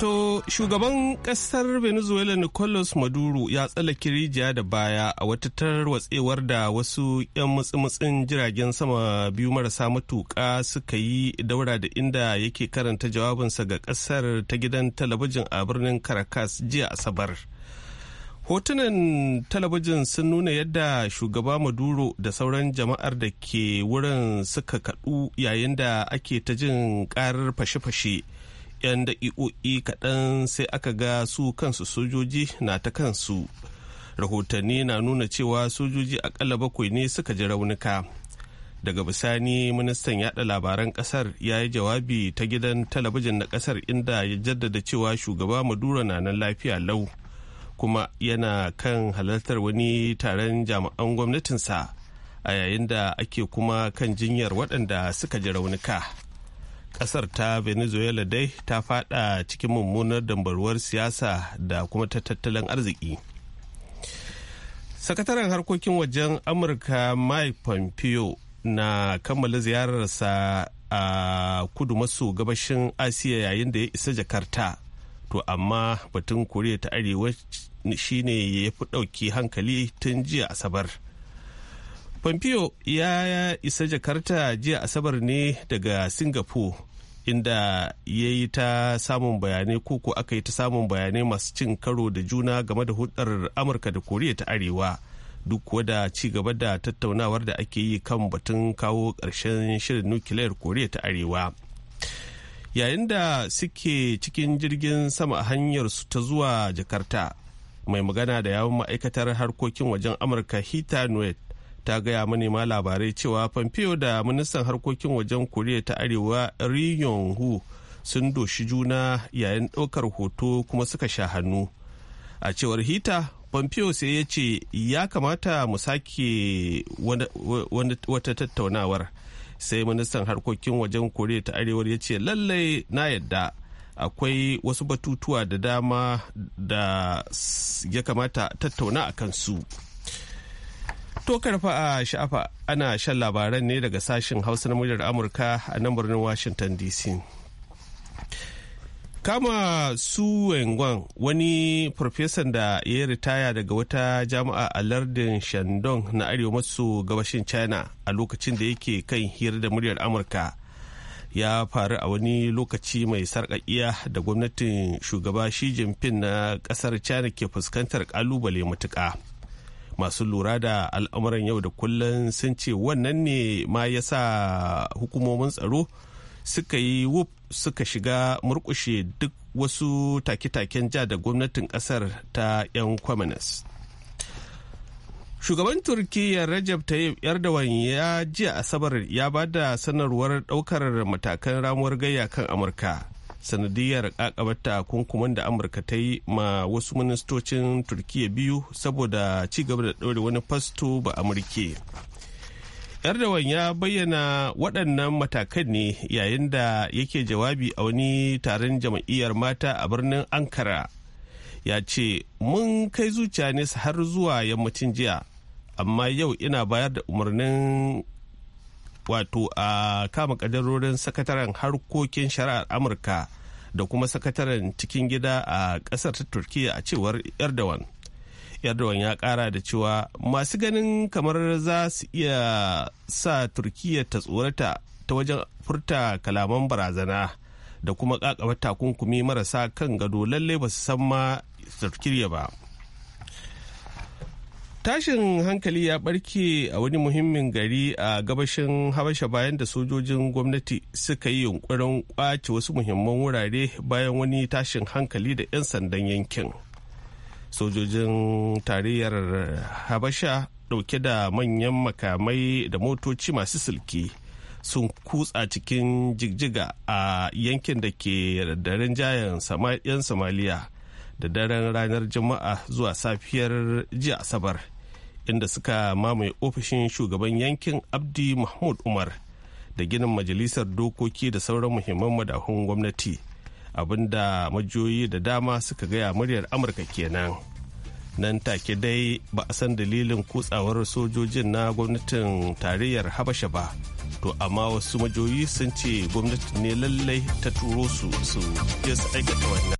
To shugaban kasar Venezuela Nicolas Maduro ya tsallake rijiya da baya a wata watsewar da wasu 'yan matsimatsin jiragen sama biyu marasa matuka suka yi daura da inda yake karanta jawabinsa ga kasar ta gidan talabijin a birnin Caracas jiya Asabar. Hotunan talabijin sun nuna yadda shugaba Maduro da sauran jama'ar da ke wurin suka kaɗu yayin da ake ta jin karar fashe-fashe. 'yan daƙiƙoƙi kaɗan sai aka ga su kansu sojoji na ta kansu rahotanni na nuna cewa sojoji akalla bakwai ne suka ji raunuka daga bisani ministan yada labaran kasar ya yi jawabi ta gidan talabijin na kasar inda ya jaddada cewa shugaba maduro na nan lafiya lau kuma yana kan halartar wani taron jami'an gwamnatinsa a yayin da ake kuma kan jinyar waɗanda suka ji raunuka. kasar ta venezuela dai ta fada cikin mummunar dambarwar siyasa da kuma ta tattalin arziki sakataren harkokin wajen amurka mike pompeo na kammala ziyararsa a kudu maso gabashin asiya yayin da ya isa jakarta to amma batun koriya ta arewa shine ya fi ɗauki hankali tun jiya asabar pompeo ya isa jakarta jiya asabar ne daga singapore inda ya yi ta samun bayanai koko aka yi ta samun bayanai masu cin karo da juna game da hudar amurka da koriya ta arewa duk kuwa da ci gaba da tattaunawar da ake yi kan batun kawo ƙarshen shirin nukiliyar koriya ta arewa yayin da suke cikin jirgin sama a hanyar su ta zuwa jakarta mai magana da yawon ma'aikatar harkokin wajen amurka hita noet ta gaya manema labarai cewa pompeo da ministan harkokin wajen koriya ta arewa ri yong hu sun doshi juna yayin ɗaukar hoto kuma suka sha hannu a cewar hita pompeo sai ya ce ya kamata mu sake wata tattaunawar sai ministan harkokin wajen koriya ta arewar ya ce lallai na yadda akwai wasu batutuwa da dama da ya kamata tattauna a kansu. su To karfa a sha'afa ana shan labaran ne daga sashen Hausa na muryar Amurka a nan birnin Washington DC. Kama Su Wengwan wani farfesan da ya yi ritaya daga wata jami'a a lardin Shandong na arewa maso gabashin China a lokacin da yake kan hira da muryar Amurka ya faru a wani lokaci mai sarƙaƙiya da gwamnatin shugaba Xi Jinping na kasar China ke fuskantar kalubale matuka masu lura da al'amuran yau da kullum sun ce wannan ne ma ya sa hukumomin tsaro suka yi wuf suka shiga murkushe duk wasu take-taken ja da gwamnatin kasar ta 'yan kwaminis. Shugaban Turkiyya Rajab Tayyip Erdogan ya jiya Asabar ya ba da sanarwar daukar matakan ramuwar gayya kan Amurka. sanadiyar kakabata kunkuman da amurka ta yi ma wasu ministocin turkiya biyu saboda ci gaba da ɗaure wani fasto ba amurke erdogan ya bayyana waɗannan matakan ne yayin da yake jawabi a wani taron jam'iyyar mata a birnin ankara ya ce mun kai zuciya ne har zuwa yammacin jiya amma yau ina bayar da umarnin wato a kama kadarorin sakataren harkokin shari'ar amurka da kuma sakataren cikin gida a kasar ta turkiya a cewar erdogan erdogan ya kara da cewa masu ganin kamar za su iya sa turkiya ta tsorata ta wajen furta kalaman barazana da kuma kakaba takunkumi marasa kan gado lallai ba su san ma turkiya ba Tashin hankali ya barke a wani muhimmin gari a gabashin Habasha bayan da sojojin gwamnati suka yi yunkurin kwace wasu muhimman wurare bayan wani tashin hankali da 'yan sandan yankin. Sojojin tarayyar Habasha dauke da manyan makamai da motoci masu silki sun kutsa cikin jigjiga a yankin da ke daren rinjayen 'yan Somaliya. da daren ranar jama'a zuwa safiyar jiya Asabar inda suka mamaye ofishin shugaban yankin Abdi Mahmud Umar da ginin majalisar dokoki da sauran muhimman madahun gwamnati abinda majiyoyi da dama suka gaya muryar Amurka kenan. nan take dai ba a san dalilin kutsawar sojojin na gwamnatin tarayyar habasha ba to amma wasu majoyi sun ce gwamnati ne lallai ta turo su su su aikata wannan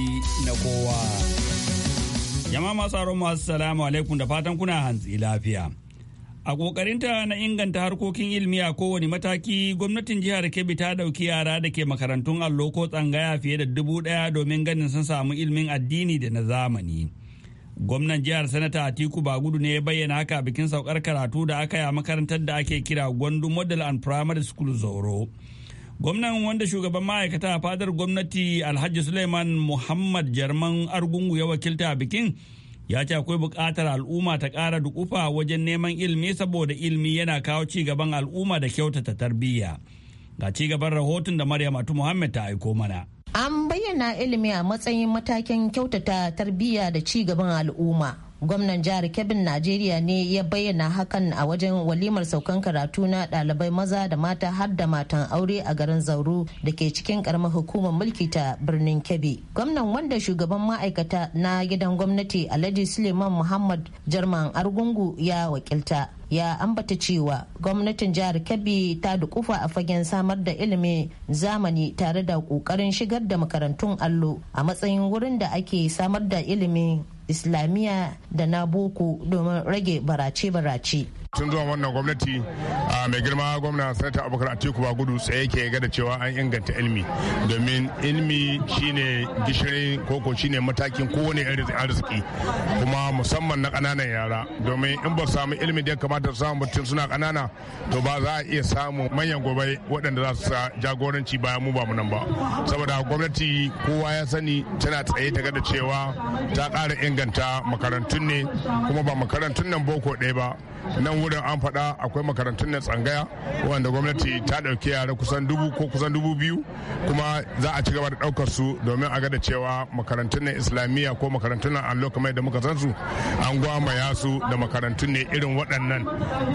na kowa. Yama masu aron masu salamu alaikum da fatan kuna hantsi lafiya. A ƙoƙarinta na inganta harkokin ilimi a kowane mataki, gwamnatin jihar Kebbi ta dauki yara da ke makarantun allo ko tsangaya fiye da dubu ɗaya domin ganin sun samu ilimin addini da na zamani. Gwamnan jihar Sanata Atiku Bagudu ne ya bayyana haka bikin saukar karatu da aka yi a makarantar da ake kira Gwandu Model and Primary School Zoro. Gwamnan wanda shugaban ma'aikata a fadar gwamnati Alhaji Suleiman Muhammad Jarman Argungu ya wakilta a bikin ya ce akwai buƙatar al'umma ta ƙara dukufa wajen neman ilimi saboda ilimi yana kawo cigaban al'umma da kyautata tarbiyya. Ga cigaban rahoton da Maryam Atu Muhammad ta aiko mana. An bayyana ilimi a matsayin matakin kyautata tarbiyya da cigaban al'umma. gwamnan jihar kebin najeriya ne ya bayyana hakan a wajen walimar saukan karatu na ɗalibai maza da mata har da matan aure a garin zauru da ke cikin karamar hukumar mulki ta birnin kebbi gwamnan wanda shugaban ma'aikata na gidan gwamnati alhaji suleiman muhammad jarman argungu ya wakilta ya ambata cewa gwamnatin jihar kebbi ta dukufa a fagen samar da ilimin zamani tare da kokarin shigar da makarantun allo a matsayin wurin da ake samar da ilimin islamiyya da na boko domin rage barace-barace tun zuwa wannan gwamnati a mai girma gwamna sanata abubakar atiku ba gudu tsaye ke ga da cewa an inganta ilmi domin ilmi shine gishirin koko shine matakin kowane arziki kuma musamman na kananan yara domin in ba samu ilmi da kamata su samu mutum suna kanana to ba za a iya samun manyan gobe waɗanda za su sa jagoranci bayan mu ba mu nan ba saboda gwamnati kowa ya sani tana tsaye ta da cewa ta ƙara inganta makarantun ne kuma ba makarantun nan boko ɗaya ba nan nan wurin an faɗa akwai makarantun na tsangaya wanda gwamnati ta ɗauki yara kusan dubu ko kusan dubu biyu kuma za a ci gaba da ɗaukar su domin a gada cewa makarantun na islamiyya ko makarantun na kamar da muka san su an ya su da makarantun ne irin waɗannan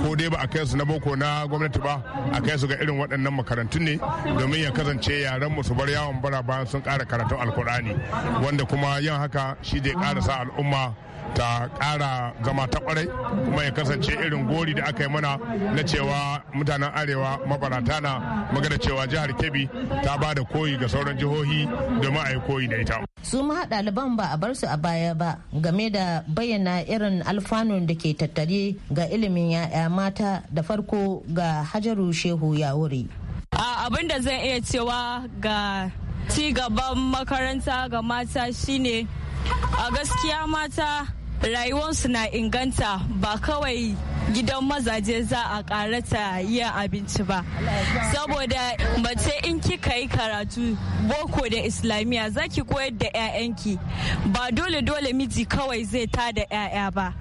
ko dai ba a kai su na boko na gwamnati ba a kai su ga irin waɗannan makarantun ne domin ya kasance yaran mu su bar yawon bara bayan sun ƙara karatun alkur'ani wanda kuma yin haka shi zai ƙara sa al'umma ta ƙara zama ta kwarai kuma ya kasance irin gori da aka yi mana na cewa mutanen arewa mabarata na magana cewa jihar kebbi ta ba da koyi ga sauran jihohi domin a yi koyi da ita su ma ɗaliban ba a bar su a baya ba game da bayyana irin alfanun da ke tattare ga ilimin 'ya'ya mata da farko ga hajaru shehu ya wuri abin da zan iya cewa ga ci gaban makaranta ga mata shine a gaskiya mata rayuwarsu na inganta ba kawai gidan mazaje za a karata yin abinci ba saboda mace in kika yi karatu boko da islamiyya za ki koyar da 'ya'yanki ba dole dole miji kawai zai ta da 'ya'ya ba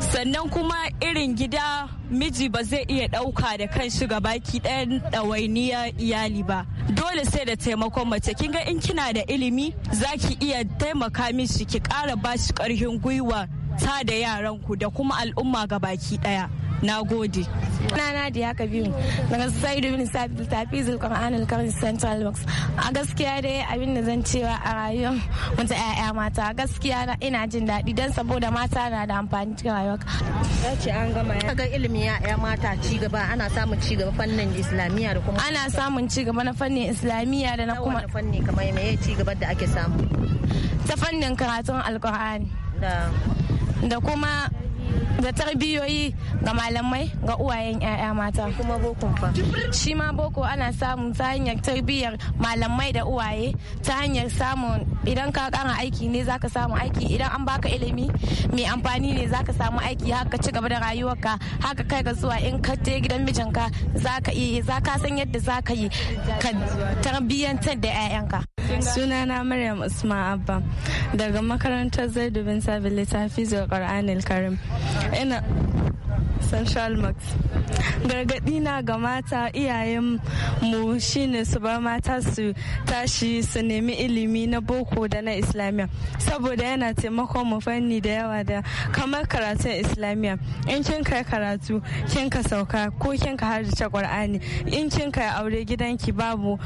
sannan kuma irin gida miji ba zai iya ɗauka da kan shiga baki ɗayan ɗawainiya iyali ba dole sai da taimakon mace kin in kina da ilimi za ki iya taimaka mishi ki ƙara bashi karfin ƙarfin gwiwa Sada da yaranku da kuma al'umma ga baki daya na gode na da ya kabiru daga sa'idu bin sabi tafi zulkan anil karin central box a gaskiya dai abin da zan cewa a rayuwar wata 'ya'ya mata gaskiya na ina jin daɗi don saboda mata na da amfani cikin rayuwar ka ce an gama ya ga ilimin 'ya'ya mata ci gaba ana samun ci gaba fannin islamiyya da kuma ana samun ci gaba na fannin islamiyya da na kuma fanni kamar me ci gaba da ake samu ta fannin karatun alkur'ani da kuma da tarbiyoyi ga malamai ga uwayen 'ya'ya mata. Kuma boko fa. Shi ma boko ana samu ta hanyar tarbiyyar malamai da uwaye ta hanyar samun idan ka kara aiki ne zaka samu aiki idan an baka ilimi mai amfani ne zaka samu aiki haka ci gaba da rayuwarka haka kai ga zuwa in ka je gidan mijinka zaka iya zaka san yadda zaka yi ka tarbiyyantar da 'ya'yanka. sunana maryam usman abba daga makarantar zaidu bin sabi littafi zuwa ƙar'anil karim ina San Shalmax. gargaɗi na ga mata iyayen mu shine su bar mata su tashi su nemi ilimi na boko da na islamiyya saboda yana taimakon mu fanni da yawa da kamar karatun islamiyya in kin kai karatu kin ka sauka ko kin ka harjace qur'ani in kin kai aure gidanki babu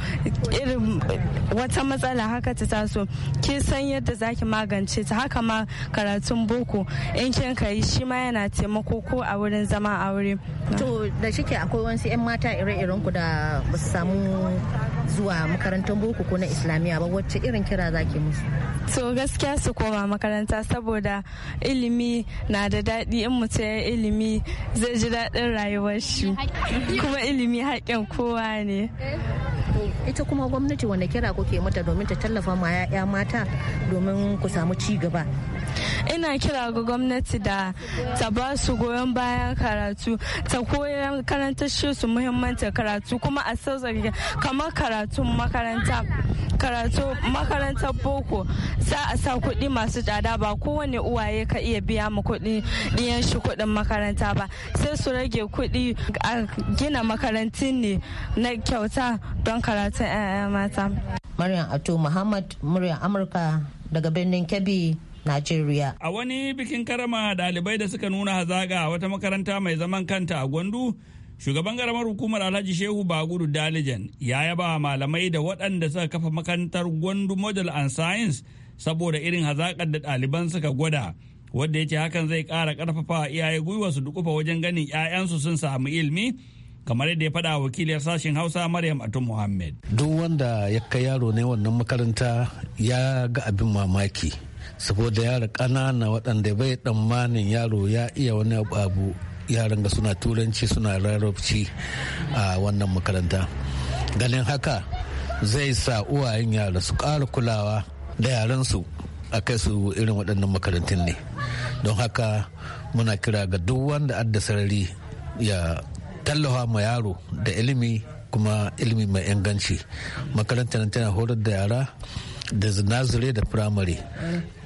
irin wata matsala haka ta taso kin san yadda zaki magance ta haka ma karatun boko in kin kai shi ma yana taimako ko a wurin zama aure to da shike akwai wasu yan mata ire-iren ku da ba su samu zuwa makarantar boko ko na islamiyya ba wacce irin kira zaki musu to gaskiya su koma makaranta saboda ilimi na da daɗi in mutum ya ilimi zai ji daɗin rayuwar shi kuma ilimi haƙƙin kowa ne ita kuma gwamnati wanda kira kuke mata domin ta tallafa ma 'ya'ya mata domin ku samu ci gaba ina kira ga gwamnati da ta ba su goyon bayan karatu ta koyar karanta shi su muhimmancin karatu kuma a sauƙaƙe kamar karatun makaranta karatu makarantar boko za a sa kuɗi masu tsada ba kowane uwaye ka iya biya mu kuɗi ɗiyan shi kuɗin makaranta ba sai su rage kuɗi a gina makarantun ne na kyauta don karatun 'ya'ya mata. Maryam Ato Muhammad, murya Amurka daga birnin Kebbi, Najeriya. A wani bikin karama dalibai da suka nuna hazaga a wata makaranta mai zaman kanta a Gwandu, shugaban karamar hukumar Alhaji Shehu Bagudu Dalijan ya yaba malamai da waɗanda suka kafa makarantar Gwandu Model and Science saboda irin hazakar da ɗaliban suka gwada. Wadda ya ce hakan zai ƙara ƙarfafa iyaye gwiwa su dukufa wajen ganin 'ya'yansu sun samu ilimi kamar yadda ya faɗa wakiliyar sashen hausa maryam atun muhammed. duk wanda ya kai yaro ne wannan makaranta ya ga abin mamaki saboda yara ƙanana waɗanda bai tsammanin yaro ya iya wani abu yaran ga suna turanci suna rarrabci a wannan makaranta ganin haka zai sa uwayen yara su ƙara kulawa da yarensu a kai su irin waɗannan makarantun ne don haka muna kira ga duk wanda adda sarari ya tallafa ma yaro da ilimi kuma ilimi mai inganci makarantar tana horar da yara da nazire da firamare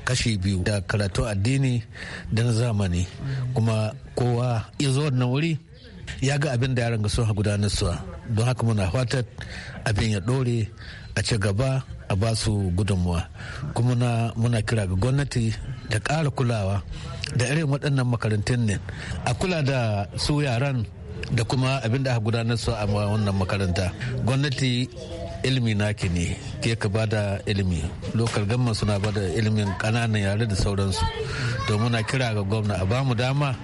kashi biyu da karatu addini da na zamani kuma kowa ya zo wannan wuri ya ga abin da yaran ga sun gudanar suwa don haka muna fatar abin ya dore a ci gaba a ba su gudunmuwa kuma na muna kira ga gwamnati da kara kulawa da irin waɗannan makarantun ne a kula da su yaran da kuma abin da aka gudanar su a wannan makaranta gwamnati ilimi na ke ne ke ka ba da ilimi lokal gamma suna ba da ilimin kananan yare da sauransu to muna kira ga gwamna a bamu dama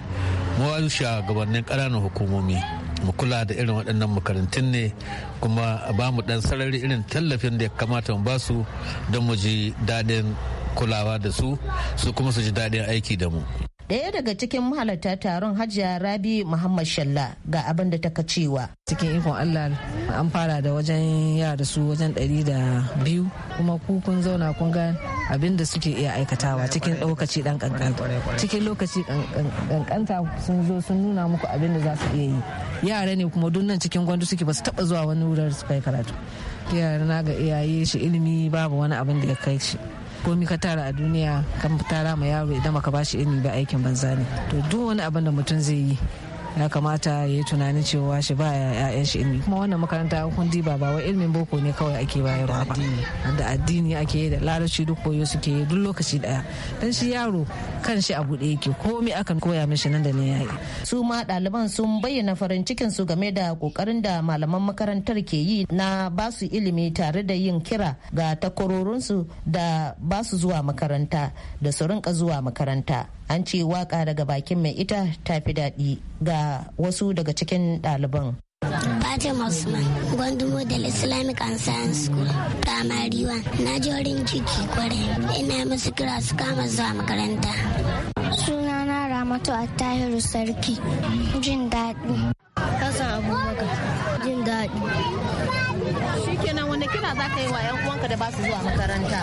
mu shugabannin kananan hukumomi mu kula da irin waɗannan makarantun ne kuma a bamu dan sarari irin tallafin da ya kamata mu basu don mu ji daɗin kulawa da su su kuma su ji daɗin aiki da mu daya daga cikin mahalarta taron Hajiya Rabi Muhammad Shalla ga abin da taka cewa. Cikin ikon Allah an fara da wajen yara su wajen ɗari da biyu kuma ku kun zauna kun ga abin da suke iya aikatawa cikin lokaci ɗan ƙanƙanta. Cikin lokaci ƙanƙanta sun zo sun nuna muku abin da za su iya yi. Yara ne kuma duk nan cikin gwandu suke ba su taɓa zuwa wani wurin su kai karatu. Yara na ga iyaye shi ilimi babu wani abin da ya kai shi. komi ka tara a duniya ka tara ma yaro idan baka bashi ilimi ba aikin banza ne to duk wani abin da mutum zai yi ya kamata ya yi tunanin cewa shi ba ya'yan shi ilmi kuma wannan makaranta kun diba ba wai ilmin boko ne kawai ake bayarwa ba da addini ake yi da larabci duk koyo suke yi duk lokaci daya dan shi yaro kan shi a buɗe yake komai akan koya mishi nan da ne yayi su ma ɗaliban sun bayyana farin cikin su game da kokarin da malaman makarantar ke yi na basu ilimi tare da yin kira ga su da basu zuwa makaranta da su rinka zuwa makaranta an ce waka daga bakin mai ita ta fi daɗi ga wasu daga cikin ɗaliban. Fatima Usman, Gwandu da Islamic and Science School, Primary One, na wurin jiki kwarai, ina musu kira su kama zuwa makaranta. Sunana Ramatu Attahiru Sarki, jin daɗi. Kasan Abubakar, jin daɗi. Shikenan wani kira za ka yi wa 'yan uwanka da ba su zuwa makaranta?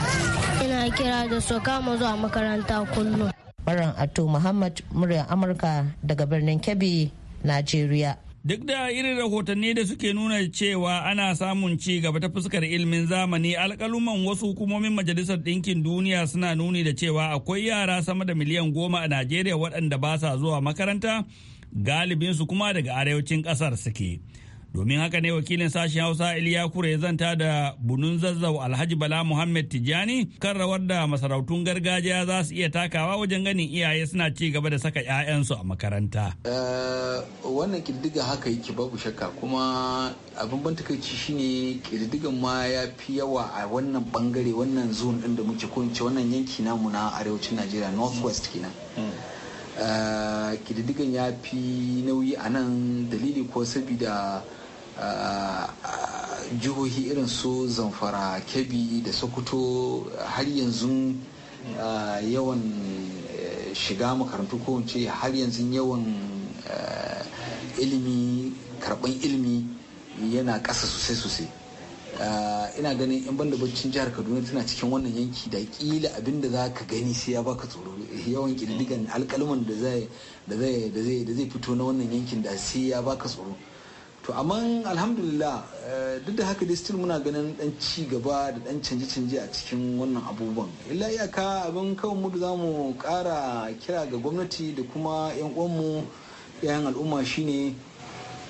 Ina kira da su kama zuwa makaranta kullum. Baran Ato Muhammad muryar Amurka daga birnin Kebbi, Najeriya. Duk da irin rahotanni da suke nuna cewa ana samun ci gaba ta fuskar ilimin zamani alkaluman wasu hukumomin Majalisar Ɗinkin Duniya suna nuni da cewa akwai yara sama da miliyan goma a Najeriya waɗanda ba sa zuwa makaranta galibinsu kuma daga arewacin ƙasar suke. domin haka ne wakilin sashen hausa iliya kure zanta da bunun zazzau alhaji bala muhammed tijjani kan rawar da masarautun gargajiya za su iya takawa wajen ganin iyaye suna ci gaba da saka 'ya'yansu a makaranta eh, wannan kididdiga haka yake babu shakka kuma abin ban takaici shine kididdigan ma ya fi yawa a wannan bangare wannan zone din da muke kunci wannan yanki namu na arewacin najeriya northwest kenan kididdigan eh, ya fi nauyi a nan dalili ko sabida jihohi irin su zamfara kebbi da sokoto har yanzu yawan eh, shiga makarantu ko ce har yanzu yawan eh, ilimi karban ilimi yana ƙasa sosai sosai ina ganin in banda baccin jihar kaduna tana cikin wannan yanki da kila abin da za ka gani sai ya baka tsoro yawan ƙididdigan alƙalman da zai fito na wannan yankin da sai ya baka tsoro to amma alhamdulillah eh, duk da haka dai still muna ganin dan ci gaba da dan canje-canje a cikin wannan abubuwan illa iyaka abin kawai mu za mu kara kira ga gwamnati da kuma yan uwanmu yayan al'umma shine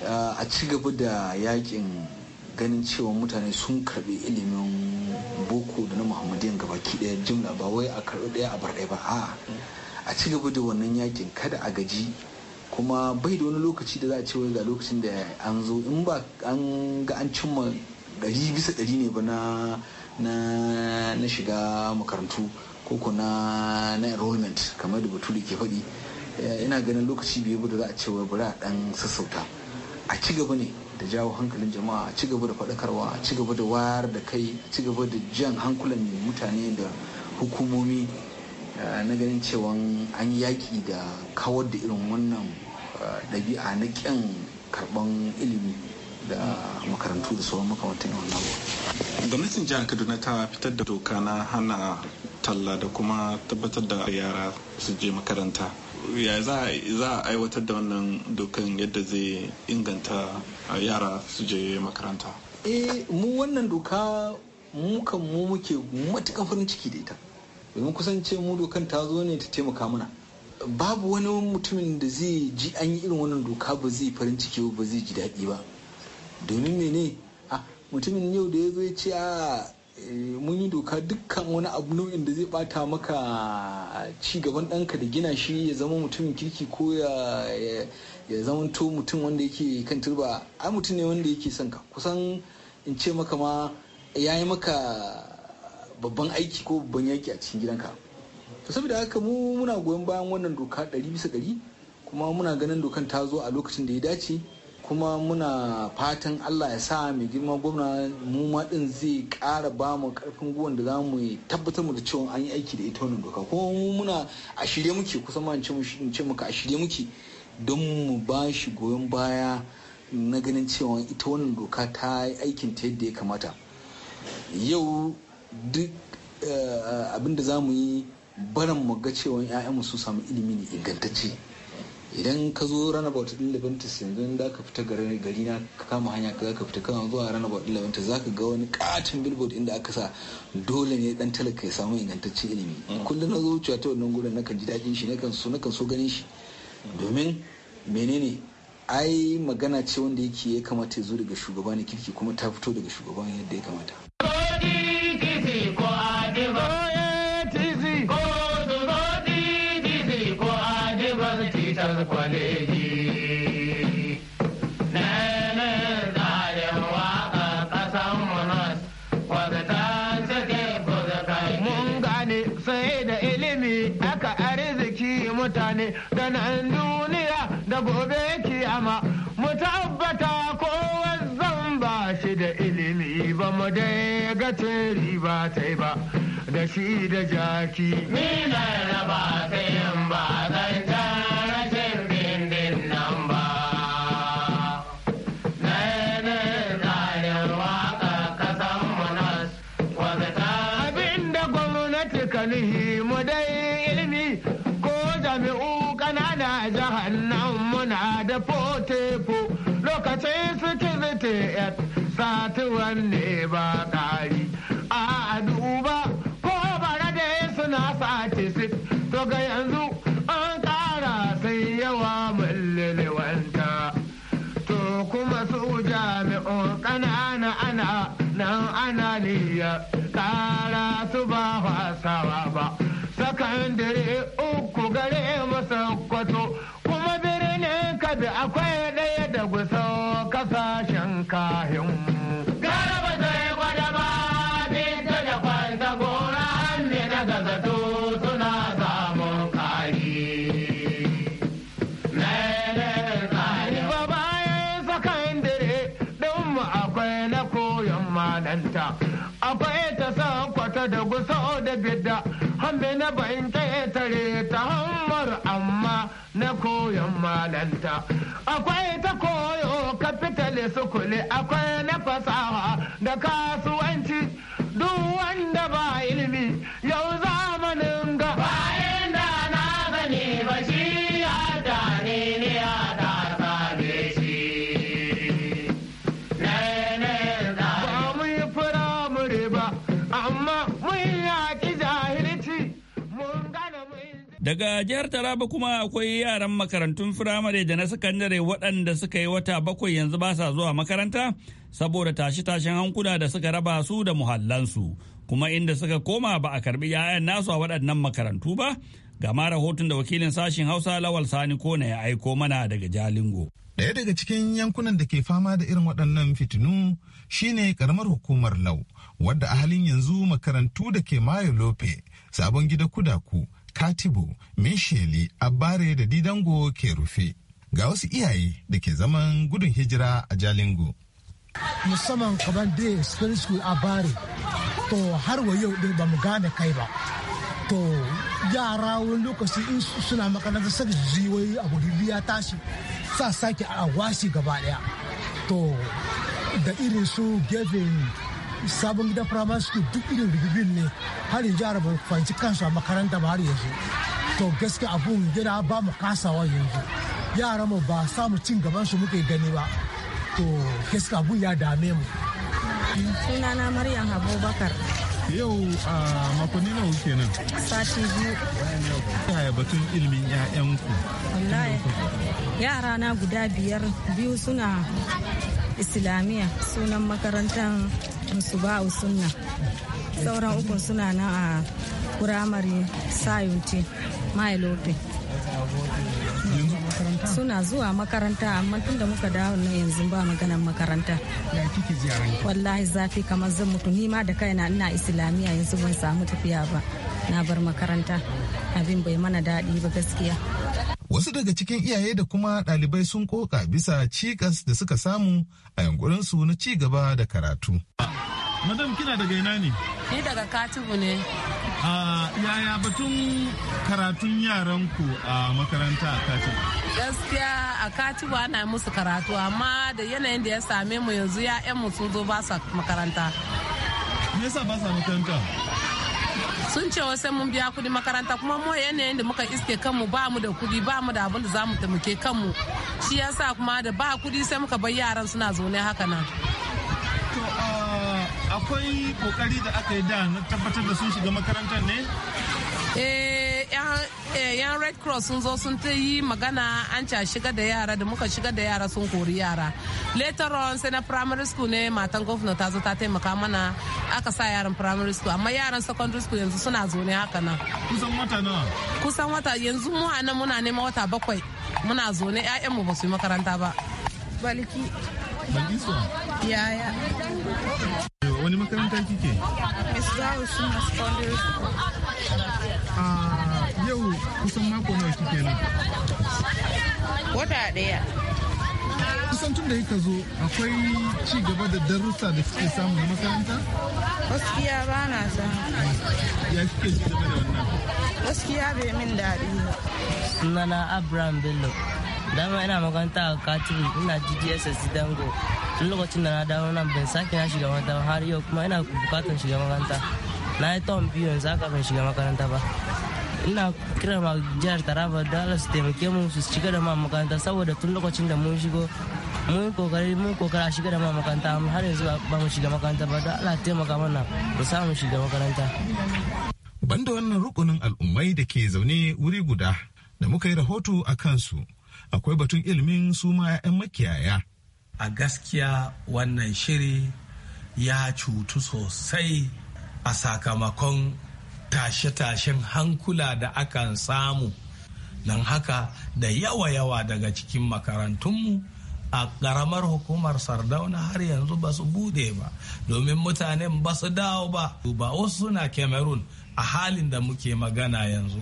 eh, a ci gaba da yakin ganin cewa mutane sun karbi ilimin boko da na muhammadiyan ki daya jimla ba wai a karbi daya a bar daya ba a ci gaba da wannan yakin kada a gaji kuma bai da wani lokaci da za a ce wai ga lokacin da an zo in ba an ga an cimma ɗari bisa ɗari ne ba na na shiga makarantu ko ko na na enrollment kamar da bature ke faɗi eh, ina ganin lokaci biyu ba da za a ce wai bari a ɗan sassauta a ci gaba ne da jawo hankalin jama'a a ci gaba da faɗakarwa a ci gaba da wayar da kai a ci gaba da jan hankulan mutane da hukumomi na ganin cewa an yaƙi da kawar da irin wannan ɗabi'a na ƙin karɓan ilimi da makarantu da sauran makamantan wannan gwamnatin jihar kaduna ta fitar da doka na hana talla da kuma tabbatar da yara su je makaranta ya za a aiwatar da wannan dokan yadda zai inganta yara su je makaranta eh mu wannan doka mu kan mu muke matuƙa farin ciki da ita domin kusance mu dokan ta zo ne ta taimaka mana babu wani mutumin da zai ji an yi irin wannan doka ba zai farin ciki ba zai ji daɗi ba domin mene a ah, mutumin yau da ya zo ya ce a ah, eh, mun yi doka dukkan wani abu nau'in da zai bata maka ci gaban ɗanka da gina shi ya zama mutumin kirki ko ya zama to mutum wanda yake kan turba ai mutum ne wanda yake son ka kusan in ce maka ma ya yi maka babban aiki ko babban yaki a cikin gidanka to saboda haka mu muna goyon bayan wannan doka ɗari bisa ɗari kuma muna ganin dokan ta zo a lokacin da ya dace kuma muna fatan allah ya sa mai girma gwamna mu ma ɗin zai ƙara ba mu ƙarfin gwiwan da za mu tabbatar mu da cewa an yi aiki da ita wannan doka kuma mu muna a shirye muke kusan ma in ce muka a shirye muke don mu ba shi goyon baya na ganin cewa ita wannan doka ta yi aikin ta yadda ya kamata yau duk eh, abin da za mu yi barin mu ga cewa 'ya'yanmu sun samu ilimi ne ingantacce idan ka zo ba wata leventis yanzu da ka fita gari na ka kama hanya ka ka fita kana zuwa rana ba leventis za ka ga wani katin billboard inda aka sa dole ne dan talaka ya samu ingantaccen ilimi mm. kullum na zo zuciya ta wannan gurin nakan ji daɗin shi nakan so nakan so ganin shi domin menene ai magana ce wanda yake ya kamata ya zo daga shugaba na kirki kuma ta fito daga shugaba yadda ya kamata da gobe kiyama mu tabbata ko zan ba shi da ilimi ba mu dai ga riba tai ba da shi da jaki ni na raba sayan ba zan da fotefo lokacin sikiriti yat sati wanne ba ƙari a duba ko bara da suna sace sit to ga yanzu an kara sai yawa mullilwanta to kuma su jami'un ƙanana ana nan ana niyya kara su ba sawa ba sakandare kwanta. a fae ta san kwata da gusa da bidda hambe na bayin tare ta hammar amma na koyon malanta akwai ta koyo kafitali sukuli akwai na fasaha da kasuwanci duk wanda Daga jihar Taraba kuma akwai yaran makarantun firamare da na sakandare waɗanda suka yi wata bakwai yanzu ba sa zuwa makaranta saboda tashe-tashen hankula da suka raba su da muhallansu kuma inda suka koma ba a karbi 'ya'yan nasu a waɗannan makarantu ba gama rahoton da wakilin sashen Hausa Lawal Sani Kona ya aiko mana daga Jalingo. Ɗaya daga cikin yankunan da ke fama da irin waɗannan fitinu shine karamar hukumar Lau wadda a halin yanzu makarantu da ke Mayo Lope sabon gida kudaku katibu mishili abare da didango ke rufe ga wasu iyaye da ke zaman gudun hijira a jalingo musamman kamar da spirit school abare to har wa yau ɗin ba mu gane kai ba to yara wani lokaci in suna makaranta saka wai a biya tashi sa sake a washi gaba daya to da irin su gefen sabon gidan firamare school duk irin rigibin ne har yanzu araba fahimci kansu a makaranta ba har yanzu to gaske abun yana ba mu kasawa yanzu yara mu ba samu cin gaban su muke gani ba to gaske abun ya dame mu sunana maryam abubakar yau a makonni nawa kenan sati biyu yaya batun ilimin 'ya'yanku wallahi yara na guda biyar biyu suna islamiyya sunan makarantar su ba sunna sauran ukun suna nan a firamare sayunti mai lope suna zuwa makaranta amma tun da muka dawo na yanzu ba maganan makaranta wallahi zafi kamar zan mutu ni ma da kaina ina islamiyya yanzu ban samu tafiya ba na bar makaranta abin bai mana daɗi ba gaskiya wasu daga cikin iyaye da kuma ɗalibai sun koka bisa cikas da suka samu a yankurinsu na ci gaba da karatu. madam kina daga ina ne ni daga katibu ne a yaya batun karatun yaranku a makaranta a katibu gaskiya a katibu ana musu karatu amma da yanayin da ya same mu yanzu ya mu sun zo ba sa makaranta me yasa ba sa makaranta sun ce sai mun biya kudi makaranta kuma mu yanayin da muka iske kanmu ba mu da kudi ba mu da abin da za mu taimake kanmu shi yasa kuma da ba kudi sai muka bar yaran suna zaune haka nan akwai kokari da aka yi da na tabbatar da sun shiga makarantar ne eh, yan red cross sun zo sun ta yi magana an ca shiga da yara da muka shiga da yara sun kori yara later on sai na primary school ne matan gwamnati ta zo ta taimaka mana aka sa yaran primary school amma yaran secondary school yanzu suna zo ne haka nan kusan wata na kusan wata yanzu mu a nan muna neman wata bakwai muna zo ne ƴaƴanmu ba su yi makaranta ba baliki yaya wani makaranta kike Miss zawo suna secondary school. Ah, yau kusan mako nawa kike nan wata daya kusan tun da yake zo akwai ci gaba da darussa da kike samu na makaranta gaskiya ba na sa ya kike ci gaba da wannan gaskiya bai min daɗi ba sunana abraham bello dama ina makaranta a katibu ina gdss dango tun lokacin da na dawo nan ban sake na shiga makaranta har yau kuma ina bukatar shiga makaranta na yi tom biyu yanzu haka ban shiga makaranta ba ina kira ma jihar taraba da ala su taimake mu su shiga da ma makaranta saboda tun lokacin da mun shigo mun kokari mun kokara shiga da ma makaranta har yanzu ba mu shiga makaranta ba da ala taimaka mana mu samu shiga makaranta banda wannan rukunin al'ummai da ke zaune wuri guda da muka yi rahoto a kansu akwai batun ilimin su ma 'ya'yan makiyaya a gaskiya wannan shiri ya cutu sosai a sakamakon tashe-tashen hankula da akan samu don haka da yawa-yawa daga cikin makarantunmu a ƙaramar hukumar sardauna har yanzu ba su bude ba domin mutanen ba su dawo ba ba wasu suna cameroon a halin da muke magana yanzu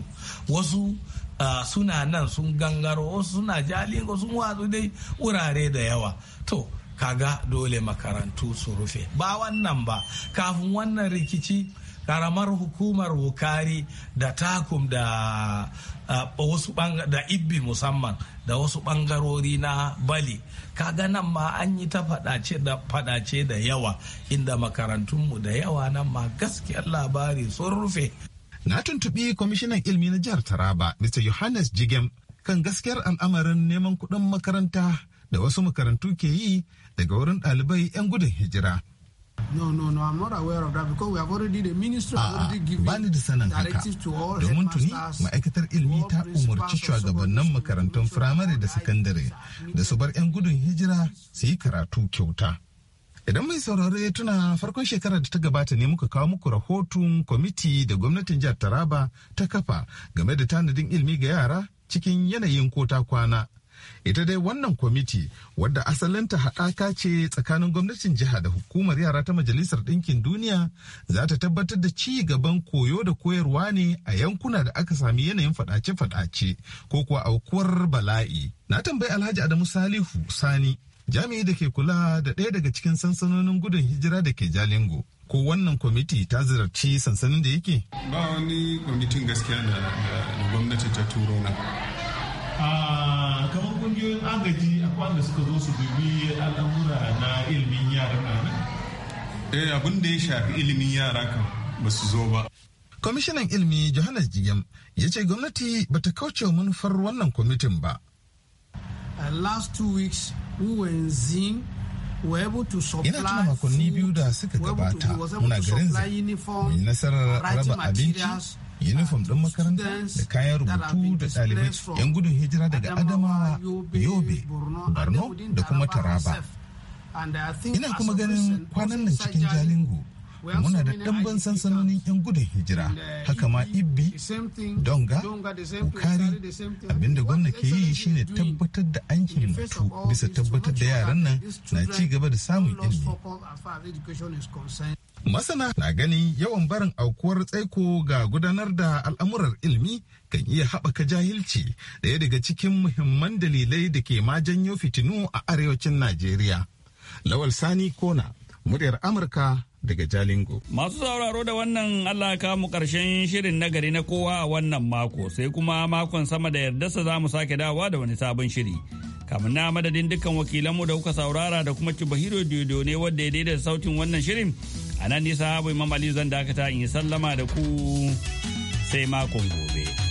wasu uh, suna nan sun gangaro wasu suna jalingo sun watsu dai wurare da yawa to kaga dole makarantu su rufe ba wannan ba kafin wannan rikici karamar hukumar wukari da takum da uh, wasu da ibbi musamman da wasu bangarori na bali kaga nan ma an yi ta fadace da da yawa inda makarantunmu da yawa nan ma gaskiyar labari sun rufe na tuntubi kwamishinan ilmi na jihar taraba mr yohannes jigem kan gaskiyar al'amarin neman kuɗin makaranta da wasu makarantu ke yi daga wurin ɗalibai 'yan gudun hijira No, no, no, I'm not aware of that because we have already the ministry ah, already given bani da sanin haka domin tuni ma'aikatar ilimi ta umarci shugabannin makarantun firamare da sakandare da su bar 'yan gudun hijira su yi karatu kyauta. Idan mai sauraro ya tuna farkon shekarar da ta gabata ne muka kawo muku rahoton kwamiti da gwamnatin jihar Taraba ta kafa game da tanadin ilimi ga yara cikin yanayin kota kwana ita dai wannan kwamiti wadda asalinta haɗaka ce tsakanin gwamnatin jiha da hukumar yara ta majalisar ɗinkin duniya za ta tabbatar da ci gaban koyo da koyarwa ne a yankuna da aka sami yanayin faɗace-faɗace ko kuwa aukuwar bala'i na tambayi alhaji adamu salihu sani jami'i da ke kula da ɗaya daga cikin sansanonin gudun hijira da ke jalingo ko wannan kwamiti ta ziyarci sansanin da yake ba wani kwamitin gaskiya da gwamnati ta turo na ah, kamar kungiyoyin agaji akwai wanda suka zo su dubi al'amura na ilimin yara na nan eh abin da ya shafi ilimin yara kan ba su zo ba kwamishinan ilimi johannes jigem ya ce gwamnati ba ta kauce manufar wannan kwamitin ba uh, last two weeks we were in Zin Ina tuna makonni biyu da suka gabata muna garin zai nasarar raba abinci yunifom ɗin makaranta da kayan rubutu da ɗalibai 'yan gudun hijira daga adamawa yobe borno da kuma taraba ina kuma ganin kwanan nan cikin jalingo muna da ɗanban sansanonin 'yan gudun hijira haka ma ibbi donga bukari abinda gwamna ke yi shine tabbatar da an himmatu bisa tabbatar da yaran nan na ci gaba da samun ilimi Masana na gani yawan barin aukuwar tsaiko ga gudanar da al'amurar ilmi kan iya haɓaka jahilci ɗaya daga cikin muhimman dalilai da ke ma janyo fitinu a arewacin Najeriya. Lawal Sani Kona, muryar Amurka daga Jalingo. Masu sauraro da wannan Allah ka mu karshen shirin nagari na kowa a wannan mako sai kuma makon sama da yardarsa za mu sake dawa da wani sabon shiri. Kamin na madadin dukkan wakilanmu da kuka saurara da kuma Cibahiro Dodo ne wadda ya daidaita sautin wannan shirin a nan nisa habu imam zan dakata in yi sallama da ku sai makon gobe.